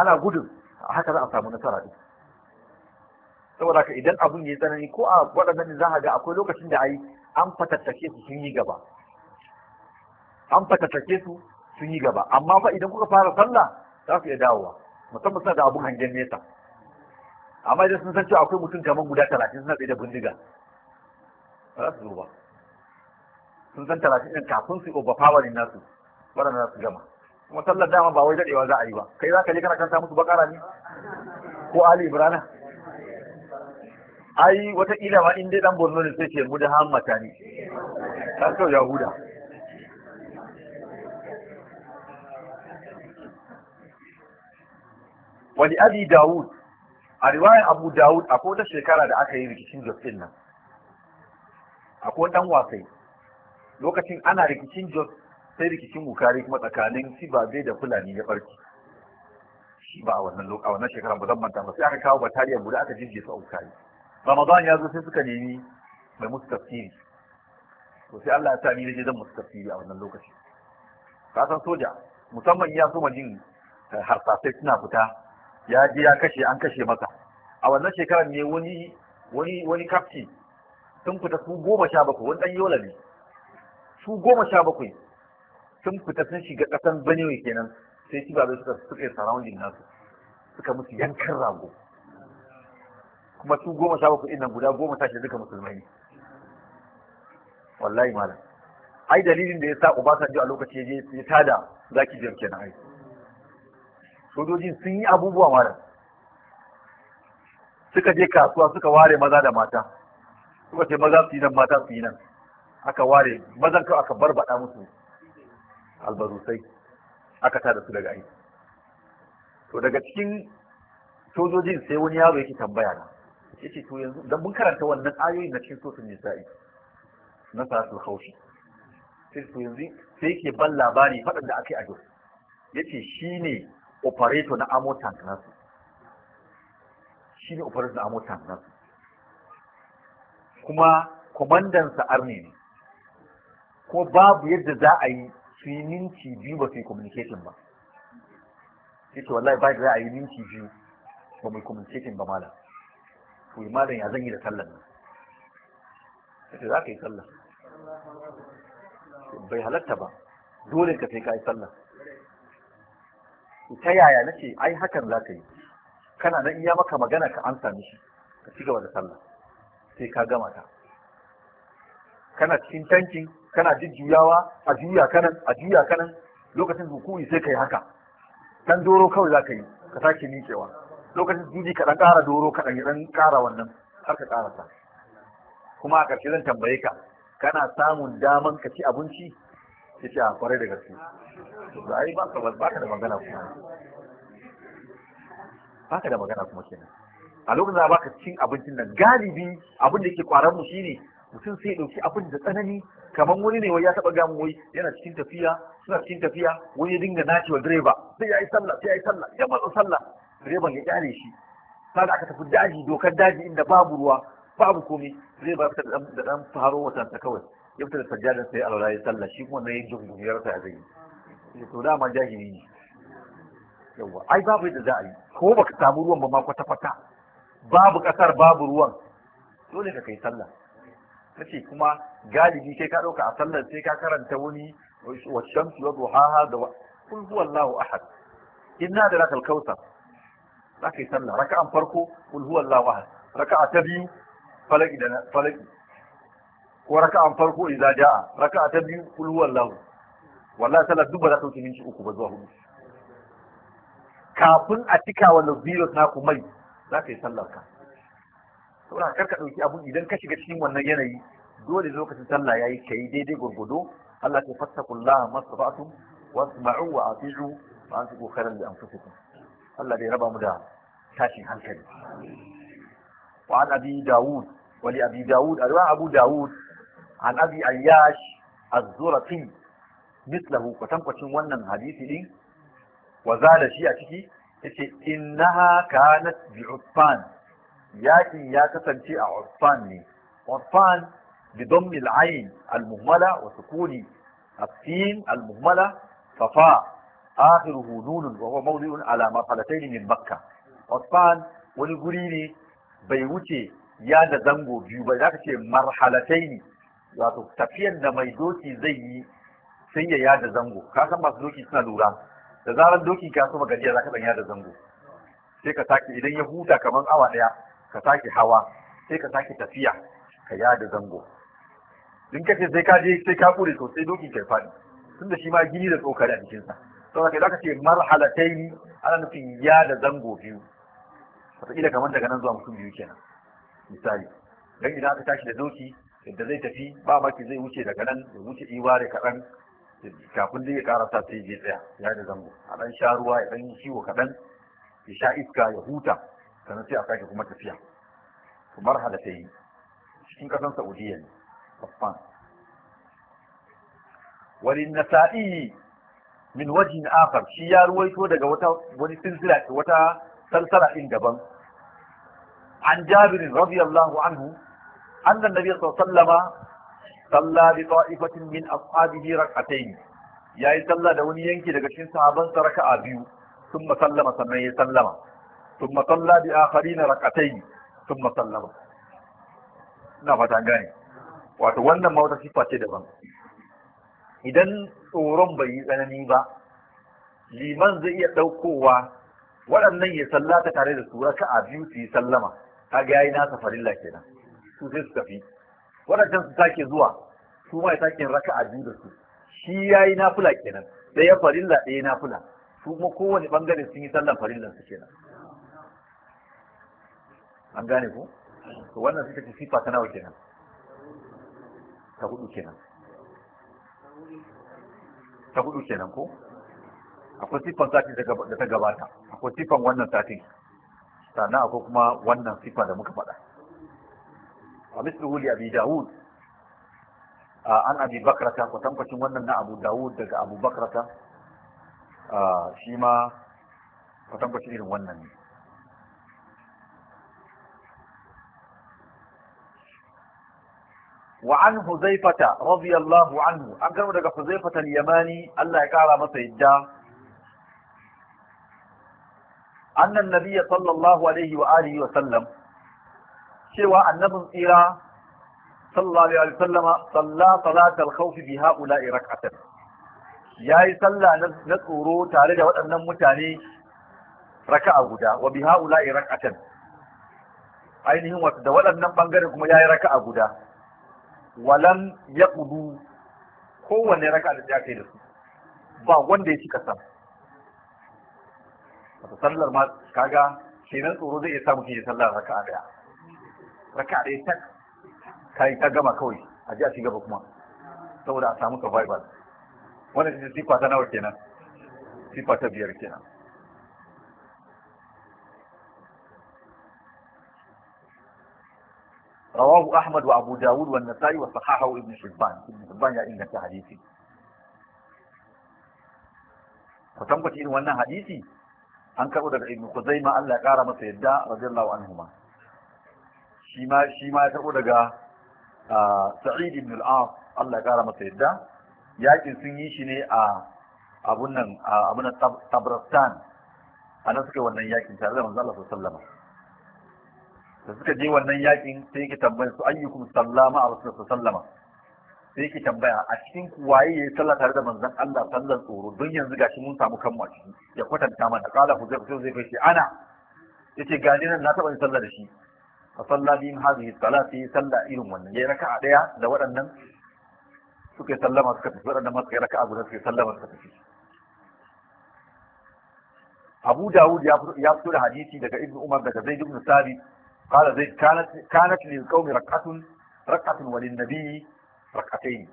ana gudun haka za a samu nasara din saboda haka idan abun ya tsanani ko a waɗannan za a ga akwai lokacin da ai an fatattake su sun yi gaba an fatattake su sun yi gaba amma fa idan kuka fara sallah za su iya dawowa musamman suna da abun hangen nesa amma idan sun san cewa akwai mutum kamar guda talatin suna tsaye da bindiga ba za su zo ba sun san talatin ɗin kafin su overpowering nasu waɗanda za su gama kuma sallar dama ba wai daɗewa za a yi ba kai za ka je kana kanta musu bakara ne ko ali ibrana ai wataƙila ma in dai ɗan borno ne sai ke mu da hammata ne ta kyau yahuda wani abi dawud a riwaya abu dawud akwai wata shekara da aka yi rikicin jos din nan akwai dan wasai lokacin ana rikicin jos sai rikicin bukari kuma tsakanin sibabe da fulani ya barki shi ba a wannan a wannan shekarar ba zan manta ba sai aka kawo batariya guda aka jirge su a bukari ramadan ya zo sai suka nemi mai musu tafsiri to sai Allah ya sa ni da zan musu tafsiri a wannan lokaci ka san soja musamman ya so jin eh, harsasai suna fita ya je ya kashe an kashe masa a wannan shekarar ne wani wani wani kafti sun fita su goma sha bakwai wani ɗan yola ne su goma sha bakwai sun fita sun shiga ƙasan Benue kenan sai shi babai suka suka yi surrounding nasu suka musu yankan rago kuma su goma sha bakwai nan guda goma sha duka musulmai ne wallahi malam ai dalilin da ya sa Obasanjo a lokaci ya ya tada zaki biyar kenan ai sojojin sun yi abubuwa malam suka je kasuwa suka ware maza da mata suka ce maza su yi nan mata su yi nan aka ware mazan kawai aka barbaɗa musu albarusai aka tada su daga aiki to daga cikin sojojin sai wani yaro yake tambaya na yace to yanzu dan mun karanta wannan ayoyin na cikin sosin nisa'i na salatul haushi. sai to yanzu sai yake ban labari faɗin da aka yi a Jos shi ne operator na amo tank nasu shi ne da a motan nan kuma kwamandansa arne ne ko babu yadda za a yi su yi minti biyu ba su yi communication ba yace wallahi ba za a yi minti biyu ba mu yi communication ba malam to yi malam ya zan yi da sallan nan yace za ka yi sallah bai halatta ba dole ka sai ka yi sallah ta yaya nace ai hakan za ka yi kana nan iya maka magana ka amsa mishi ka ci gaba da sallah sai ka gama ta kana cikin tankin kana jujjuyawa a juya kanan a juya kanan lokacin hukumi sai kai haka dan doro kawai za ka yi ka sake miƙewa lokacin juji ka dan ƙara doro ka dan dan ƙara wannan har ka ƙara ta kuma a ƙarshe zan tambaye ka kana samun daman ka ci abinci ya ci a kwarai da gaske ba ai ba ka da magana kuma baka da magana kuma kenan a lokacin da baka cin abincin nan galibi abin da yake kwaran mu shine mutum sai ya dauki abin da tsanani kamar wani ne wai ya taba gamu wai yana cikin tafiya suna cikin tafiya wani ya dinga wa direba sai ya yi sallah sai ya yi sallah ya matsa sallah direban ya kyale shi sai aka tafi daji dokar daji inda babu ruwa babu komai direba ya fita da dan faro watan ta kawai ya fita da sajjadar sai alwala ya sallah shi kuma na yin jungumiyar sa zai yi to dama jahili ne yawa ai babu yadda za a yi ko ka samu ruwan ba ma kwata kwata babu ƙasar babu ruwan dole ka kai sallah ce kuma galibi kai ka ɗauka a sallar sai ka karanta wani wa shamsu wa duhaha da kul huwallahu ahad na da lakal kautsar za ka yi sallah raka an farko kul huwallahu ahad raka'a ta biyu falaki da falaki ko raka an farko idza jaa raka ta biyu kul huwallahu wallahi sallar duk ba za ta wuce minti uku ba zuwa hudu kafin a cika wa virus naku mai za ka yi sallar ka saboda kar ka ɗauki abu idan ka shiga cikin wannan yanayi dole lokacin sallah yayi ka yi daidai gurgudo Allah ya fattakullah mastata'tum wasma'u wa ati'u wa anfiqu khairan li anfusikum Allah bai raba mu da tashin hankali wa an abi daud wa li abi daud a abu daud an abi ayyash az-zurati mislahu kwatankwacin wannan hadisi din waza da shi a ciki yace inna kanat bi Uffan yakin ya kasance a Uffan ne Uffan bi dammi al-ayn al-muhmala fafa sukuni السين المهملة صفاء آخره نون وهو موضع على مرحلتين من مكة عثمان ونقوليني بيوتي يا da zango biyu ba za ka ce marhalatai ne wato tafiyan da mai doki zai yi sai ya yada zango ka san masu doki suna lura da zarar doki ka so gajiya zaka danya da zango sai ka sake idan ya huta kamar awa daya ka sake hawa sai ka sake tafiya ka ya da zango din ka ce sai ka je sai ka kure to sai doki fadi tunda shi ma gini da tsokar a jikin sa saboda kai zaka ce marhalataini ana nufin ya da zango biyu wataƙila kamar daga nan zuwa mutum biyu kenan misali dan idan aka tashi da doki yadda zai tafi ba maki zai wuce daga nan ya wuce iwa da kaɗan kafin dai ya karasa sai je tsaya ya da zango a dan sha ruwa ya dan yi ciwo kaɗan ya sha iska ya huta sannan sai a sake kuma tafiya to marhala ta yi cikin ƙasan saudiya ne babban wani nasa'i min wajin akhar shi ya ruwaito daga wata wani silsila wata sarsara din daban an jabir radiyallahu anhu anna nabiy sallallahu alaihi wasallama salla bi ta'ifatin min ashabihi rak'atayn yayi salla da wani yanki daga cikin sahaban sa raka'a biyu thumma sallama sannan ya sallama thumma salla bi akharin rak'atayn thumma sallama ina fata gane wato wannan ma wata sifa ce daban idan tsoron bai yi tsanani ba liman zai iya ɗaukowa waɗannan ya sallata tare da su raka'a biyu su yi sallama kaga yayi nasa farilla kenan su sai waɗancan su sake zuwa su ma ya sake raka a biyu da su shi ya yi nafula kenan ɗaya farilla ɗaya nafula su kuma kowane ɓangare sun yi sallan farillan su kenan an gane ku. to wannan suka ce sifa ta nawa kenan ta hudu kenan ta hudu kenan ko akwai siffan sati da ta gabata akwai siffan wannan satin sannan akwai kuma wannan siffa da muka faɗa a mislihu li abi dawud an abi bakrata kwatankwacin wannan na abu dawud daga abu bakrata shi ma kwatankwacin irin wannan ne وعن حذيفة رضي anhu. An أنكر daga yamani. Allah ya يقال masa yadda. أن النبي صلى الله عليه wa sallam, cewa النبي tsira. sallallahu alaihi wasallama salla salatal khawfi bi haula'i rak'atan yayi sallah na tsoro tare da waɗannan mutane raka'a guda wa bi haula'i rak'atan ainihin wato da waɗannan bangare kuma yayi raka'a guda Walan walam yaqdu kowanne raka'a da ya kai da su ba wanda ya cika sam wato sallar ma kaga na tsoro zai iya samu shi sallar raka'a daya raka'a daya kai ta gama kawai a ji a ci gaba kuma saboda a samu survival wannan ita sifa ta nawa kenan sifa ta biyar kenan رواه wa وأبو داود والنسائي ibn shibban Ibn ابن ya inganta hadisi. Ku فتنبت irin wannan hadisi? an karbo daga ibnu kuzaima Allah ya ƙara masa yadda radiyallahu anhuma shi ma shi ma ya karbo daga Sa'id ibn al-As Allah ya kara masa yadda yakin sun yi shi ne a abun nan abun Tabrastan a nan suka wannan yakin tare da manzo Allah sallallahu alaihi da suka je wannan yakin sai yake tambaya su ayyukum sallama a rasul sallama sai yake tambaya a cikin waye yayi sallah tare da manzon Allah sallan tsoro don yanzu gashi mun samu kanmu a ciki ya kwatanta mana qala huzaifa sai zai kai ana yace gani nan na taba yin sallah da shi فصلى بهم هذه الصلاة صلى إيرم ونن يا ركعة ديا da waɗannan suka sallama suka tafi waɗannan ma suka raka'a guda suka sallama suka tafi Abu Dawud ya fito da hadisi daga Ibn Umar daga Zaid ibn Sabit قال زيد كانت كانت للقوم ركعة ركعة وللنبي ركعتين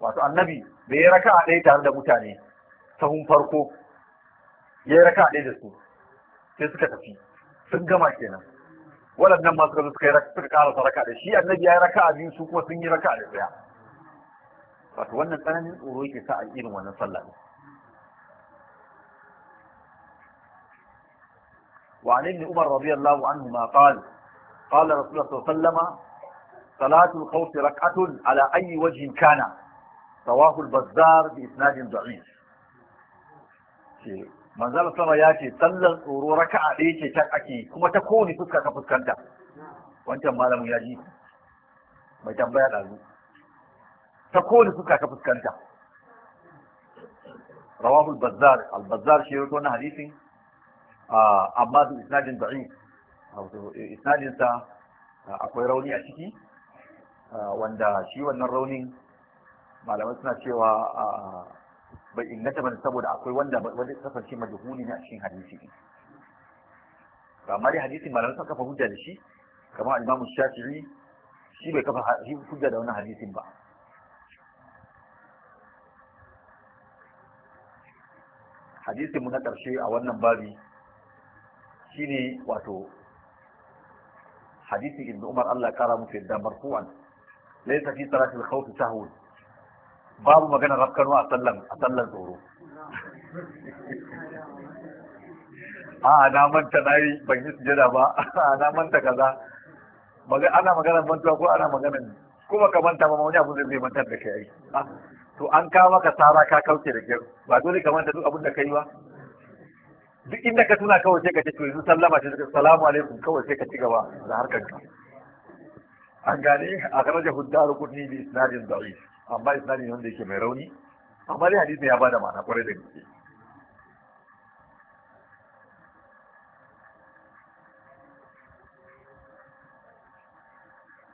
wato annabi bai yi raka a ɗaya tare da mutane sahun farko ya raka a ɗaya da su sai suka tafi sun gama kenan waɗannan masu gazu suka yi suka karasa raka da shi annabi ya yi raka biyu su kuma sun yi raka da daya wato wannan tsananin tsoro yake sa a irin wannan sallah ne وعن ابن عمر رضي الله عنهما قال قال رسول الله صلى الله عليه وسلم صلاة الخوف ركعة على أي وجه كان رواه البزار بإسناد ضعيف manzala sama ya ce sallan tsoro raka'a ɗaya ce can ake kuma ta kowane fuska ta fuskanta wancan malamin ya ji mai tambaya ɗazu ta kowane fuska ta fuskanta rawahu al-bazzar al-bazzar shi yato na hadisin amma su isnadin da'i eh, isnadin sa akwai rauni a ciki wanda shi wannan raunin malamai suna cewa bai inganta ba saboda akwai wanda wani kasance majhuli ne a cikin hadisi din amma dai hadisi malan sa kafa hujja da shi kamar al-Imam Shafi'i shi bai kafa hujja da wannan hadisin ba hadisin mu na ƙarshe a wannan babi shine wato hadisi Ibn Umar Allah ya kara musu yadda marfu'an laysa fi al khawf tahwil babu maganar rafkanu a sallan a sallan tsoro a na manta na yi ban yi sujada ba a na manta kaza ana magana mantuwa ko ana magana kuma ka manta ba wani abin da zai mantar da kai to an kawo maka tsara ka kauce da kyau ba dole ka manta duk abin da kai ba duk inda ka tuna kawai sai ka ce to yanzu sallama ce suka salamu alaikum kawai sai ka ci gaba da harkar ka an gane a karajar hudaru kudni bi isnadin da'if amma isnadi wanda yake mai rauni amma dai hadisin ya bada ma'ana kwarai da gaske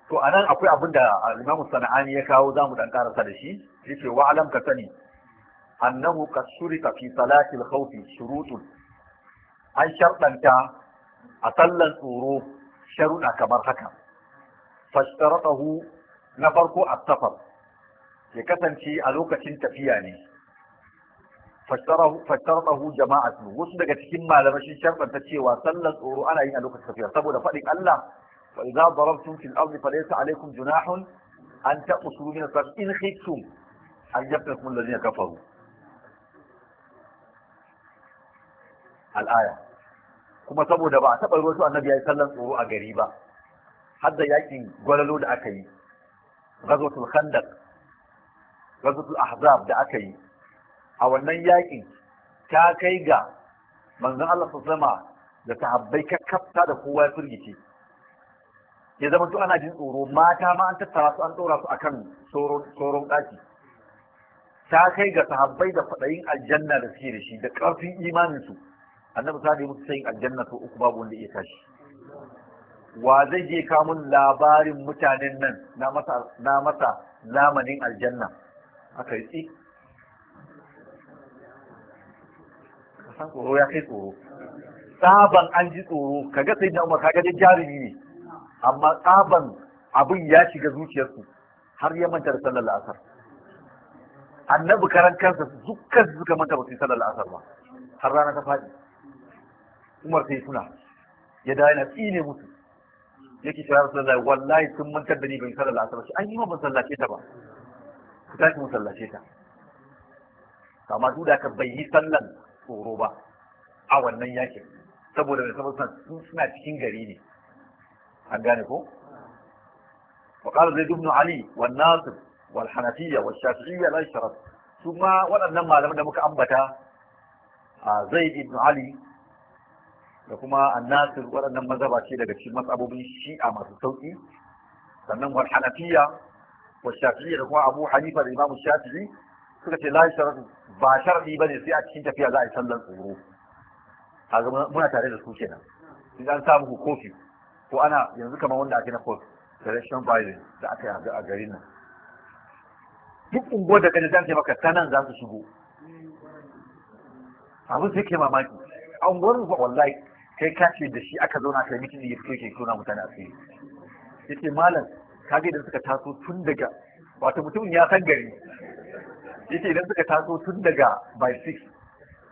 to anan akwai abin da al-Imam Sana'ani ya kawo zamu dan karasa da shi yace wa alam ka sani annahu kasurita fi salati al-khawfi shurutun an sharɗanta a sallan tsoro sharuɗa kamar haka fashtaratahu na farko a safar ya kasance a lokacin tafiya ne fassarahu jama'atu wasu daga cikin malamai sun sharɗanta cewa sallar tsoro ana yin a lokacin tafiya saboda faɗin Allah wa idza darabtum fil ardi falaysa alaykum junahun an taqsuru min as in khiftum an yaftakum alladhina kafaru al-aya kuma saboda ba a taɓa ruwa annabi ya yi sallan tsoro a gari ba har da yakin gwalalo da aka yi ghazwatul khandaq razatul ahzab da aka yi a wannan yaƙin ta kai ga manzon Allah zama da sahabbai kakkafta da kowa ya firgice ya zama ana jin tsoro mata ma an tattara su an ɗora su akan tsoron ɗaki ta kai ga sahabbai da faɗayin aljanna da suke da shi da ƙarfin imaninsu annabi sa da musu sayin aljanna to uku babu wanda iya tashi wa zai je kamun labarin mutanen nan na masa zamanin aljanna aka yi tsi san tsoro ya kai tsoro tsaban an ji tsoro ka ga sai da umar kaga dai jarumi ne amma tsaban abin ya shiga zuciyarsu har ya manta da sallar la'asar annabi karan kansa dukkan suka manta ba su yi sallar la'asar ba har rana ta faɗi umar sai suna, ya dawo yana tsine musu yake cewa sallar wallahi sun manta da ni ban sallar la'asar ba shi an yi ma ban sallace ta ba ku tashi musallace ta amma duk da bai yi sallan tsoro ba a wannan yakin saboda mai saboda suna cikin gari ne an gane ko وقال زيد بن علي والناصر والحنفية والشافعية لا يشرب ثم waɗannan malaman da muka ambata a zaid ali da kuma annasir waɗannan mazhaba ce daga cikin masabobin shi'a masu sauƙi sannan wal wa shafi'i da kuma abu hanifa da imamu shafi'i suka ce la sharatu ba sharadi bane sai a cikin tafiya za a yi sallan tsoro kaga muna tare da su kenan idan an samu kofi ko ana yanzu kamar wanda na kofi da rashin bayan a garin nan duk unguwar da kaji zan ce maka za su shigo abin sai ke mamaki a unguwar rufa wallahi kai kace da shi aka zauna kai mutum ya fito ke tona mutane Ya ce malam kaga idan suka taso tun daga wato mutum ya san gari yake idan suka taso tun daga by six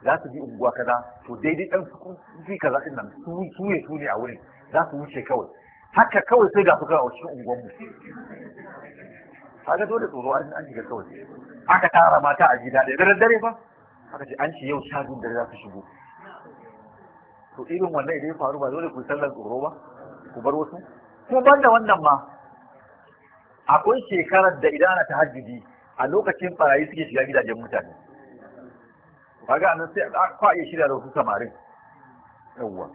za su bi unguwa kaza to daidai dan su fi kaza din nan su su ne su ne a wurin za su wuce kawai haka kawai sai ga su kawai a cikin unguwan mu kaga dole tsoro an an shiga kawai aka tara mata a gida da dare ba aka ce an ce yau sha biyun dare za su shigo to irin wannan idan ya faru ba dole ku sallar tsoro ba ku bar wasu kuma banda wannan ma akwai shekarar da idana ta tahajjudi a lokacin barayi suke shiga gidajen mutane kaga nan sai a iya shirya da wasu samarin yawwa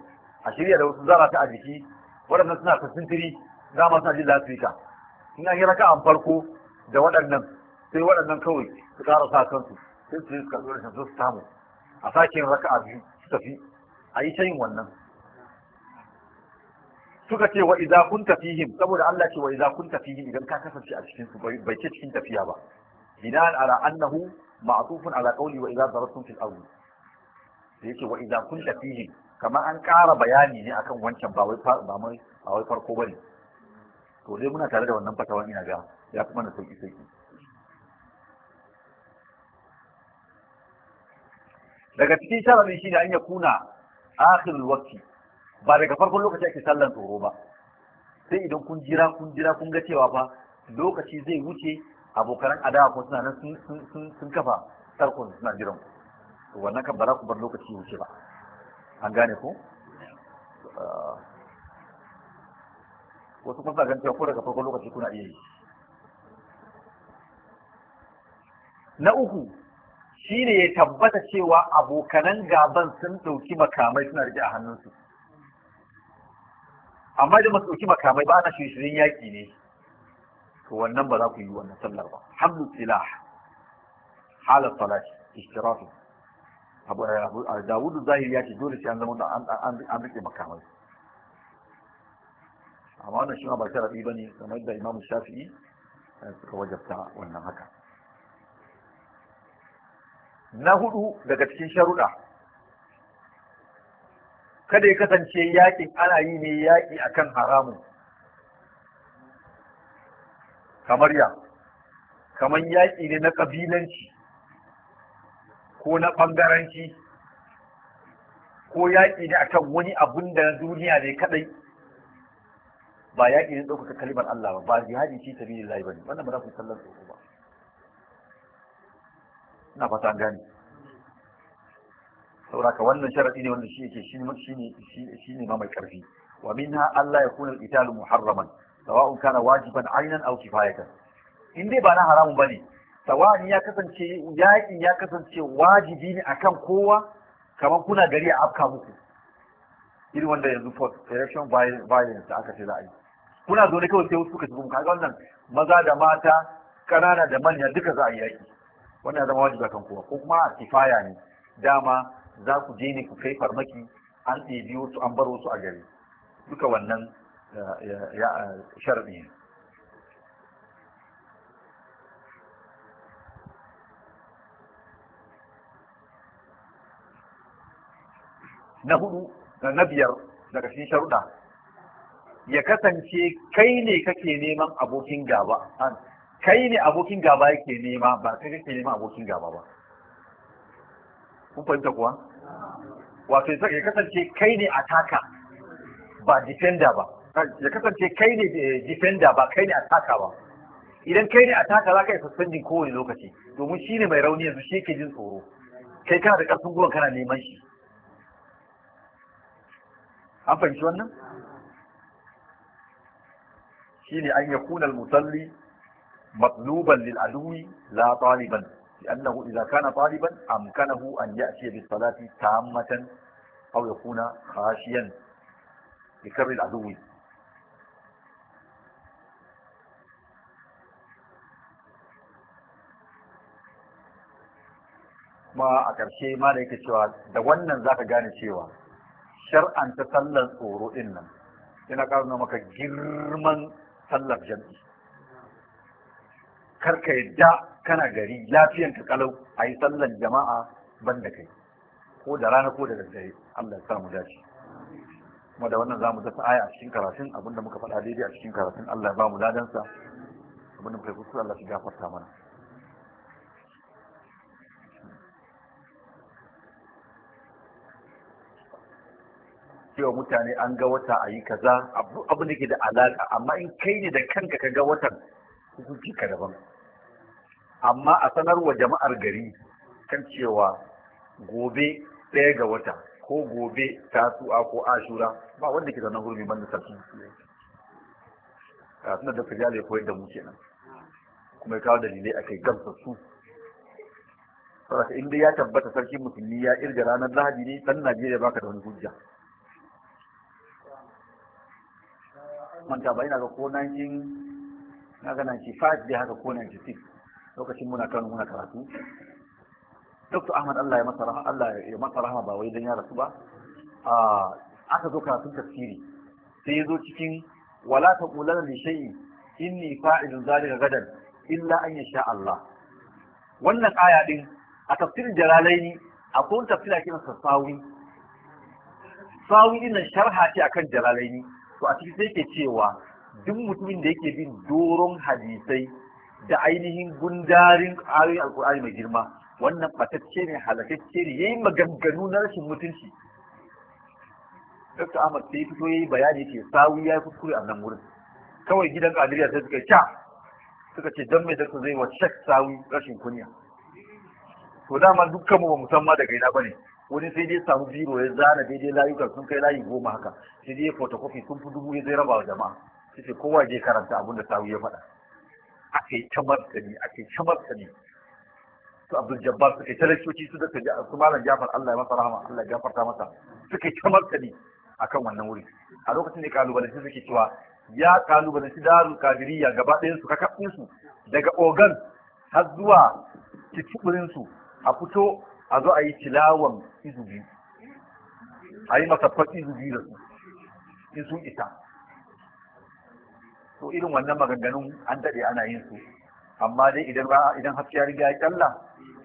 a shirya da wasu zara ta a jiki waɗannan suna ta sintiri za ma suna jin lafika in an yi an farko da waɗannan sai waɗannan kawai su ƙara sa kansu sai su yi su samu a sake yin a biyu su tafi a yi ta yin wannan suka ce wa idza kunta fihim saboda Allah ce wa idza kunta fihim idan ka kasance a cikin su bai ce cikin tafiya ba binan ala annahu ma'tufun ala qawli wa idza darastum fil ardi da yake wa idza kunta fihim kamar an ƙara bayani ne akan wancan ba wai ba mai ba wai farko bane to dai muna tare da wannan fatawan ina ga ya fi mana sauki sauki daga cikin sharadin shi ne an ya kuna akhirul waqti ba daga farkon lokaci ake sallan tsoro ba sai idan kun jira kun jira kun ga cewa fa lokaci zai wuce abokan adawa ko suna nan sun kafa tarkon suna jiran ku wannan kan ba za ku bar lokaci wuce ba an gane ko eh, wasu kuma sa cewa ko daga farkon lokaci kuna iya yi na uku shine ya tabbata cewa abokanan gaban sun ɗauki makamai suna rike a hannunsu amma da masu ɗauki makamai ba ana shirin yaƙi ne to wannan ba za ku yi wannan sallar ba hamdu silah halar salat ishtirafi Dawudu zahiri ya ce dole sai an zama an rike makamai amma wannan shi ma ba sharaɗi ba ne kamar da imamu shafi'i eh, suka wajabta wannan haka na hudu daga cikin sharuɗa kada ya kasance yaƙin ana yi ne yaƙi akan haramun kamar ya kamar yaƙi ne na ƙabilanci ko na ɓangaranci ko yaƙi ne akan wani abun da na duniya ne kaɗai, ba yaƙi ne ɗaukaka kalmar Allah ba ba jihadi fi sabilillah bane wannan ba za ku sallar tsoro ba ina fata an saboda wannan sharadi ne wanda shi yake shine shine ma mai ƙarfi. wa minha Allah ya kuna al muharraman sawa'un kana wajiban aynan auki kifayatan in dai ba na haramun bane sawa'un ya kasance yaƙin ya kasance wajibi ne akan kowa kamar kuna gari a afka muku irin wanda yanzu force election violence da aka ce za a yi kuna zo ne kawai sai suka shigo kaga wannan maza da mata ƙanana da manya duka za a yi yaƙi wannan ya zama wajibi akan kowa ko kuma kifaya ne dama za ku je ne ku kai farmaki an ɗebi wasu an bar wasu a gari duka wannan eh, sharɗi na hudu eh, na biyar daga cikin sharuɗa ya kasance kai ne kake neman abokin gaba kai ne abokin gaba yake nema ba kai kake neman abokin gaba ba kun fahimta kuwa wato ya kasance kai ne taka ba defender ba ya kasance kai ne eh, defender ba kai ne taka ba idan kai ne taka za ka yi suspending kowane lokaci domin shi ne mai rauni yanzu shi ke jin tsoro kai kana da ƙarfin gwiwa kana neman shi an fahimci wannan ne an yakuna al-musalli matluban lil aduwi la taliban لأنه إذا كان طالبا أمكنه أن يأتي بالصلاة تامة أو يكون خاشيا لكر العدو ما أكثر شيء ما ليك شوى دوانا ذاك غاني شوى شرعا تسلل أورو إنا إنا قالنا مكا جرما سلل جمعي كركي kana gari lafiyan ka kalau a yi sallar jama'a ban da kai ko da rana ko da daddare Allah ya samu dace kuma da wannan zamu dafa aya a cikin karatun abinda muka faɗa daidai a cikin karatun Allah ya ba mu sa abinda muka yi kuskure Allah ya gafarta mana cewa mutane an ga wata a yi kaza abu da ke da alaka amma in kai ne da kanka ka ga watan hukunci ka daban amma a sanar wa jama'ar gari kan cewa gobe ɗaya ga wata ko gobe tasu'a ko ashura ba wanda ke zanen hurumi banda sarki suna da dr jale koyar da mu kenan kuma ya kawo dalilai a kai su. saboda in dai ya tabbata sarki musulmi ya irga ranar lahadi ne dan najeriya baka da wani hujja manta ba ina ga ko 19 na ga 95 dai haka ko 96 lokacin muna kan muna karatu dr ahmad allah ya masa rahama allah ya masa rahama ba wai dan ya rasu ba aka zo karatun tafsiri sai ya zo cikin wala taqulanna li shay'in inni fa'ilun zalika gadan illa an yasha Allah wannan aya din a tafsirin jalalaini akwai wani tafsira ake sassawi sawi din nan sharha ce akan jalalaini to a cikin sai yake cewa duk mutumin da yake bin doron hadisai da ainihin gundarin ayoyin alkur'ani mai girma wannan batacce ne halakacce ne yayi maganganu na rashin mutunci Dr. Ahmad sai fito yayi bayani ke Sawu ya kuskure a nan wurin kawai gidan Kadiriya sai suka sha suka ce don mai Dr. zai wa Sawu rashin kunya to dama dukkan mu ba musamman daga ina bane wani sai dai samu biro ya zana daidai layuka sun kai layi goma haka sai dai photocopy sun fi dubu ya zai raba wa jama'a sai kowa je karanta abin da Sawu ya faɗa aka yi ta martani aka yi ta martani su abdul jabbar suka yi ta lakcoci su daga su malam jafar allah ya masa rahama allah ya gafarta masa suka yi ta martani akan wannan wuri a lokacin da kalubalanci suke cewa ya kalubalanci darul kadiriyya gaba ɗayan su kakaɓin su daga ogan har zuwa cikin su a fito a zo a yi tilawan izubi a yi masafar izubi da su in sun isa to irin wannan maganganun an daɗe ana yin su amma dai idan ba idan haske ya riga ya kalla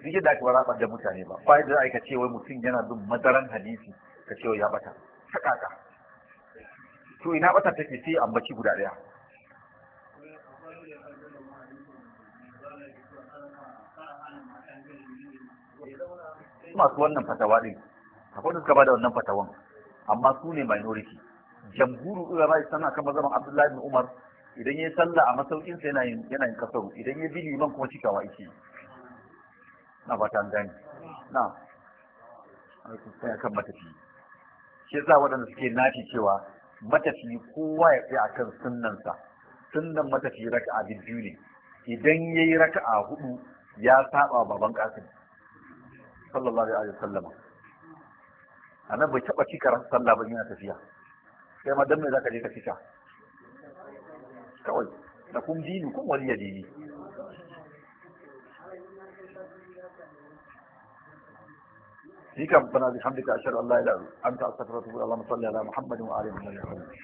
duk da aka ba da mutane ba fa da aika ce wai mutum yana bin madaran hadisi ka ce ya bata sakaka to ina bata take sai ambaci guda daya masu wannan fatawa din akwai da suka bada wannan fatawan amma su ne minority jamhuru ulama sana kan zaman Abdullahi bin Umar idan ya sallah a masaukin sa yana yin yana yin idan ya bi liman kuma cikawa yake na ba ta gani na alaikum sai akan matafi shi yasa waɗanda suke nafi cewa matafi kowa ya tsaya akan sunnansa sunnan matafi raka'a biyu ne idan yayi raka'a hudu ya saba baban kasim sallallahu alaihi A anan bai taba cika sallah ba yana tafiya sai ma dan me zaka je ka cika كوي لكم دينكم ولي ديني فيك ربنا بحمدك اشهد ان لا اله الا انت استغفرك اللهم صل على محمد وعلى محمد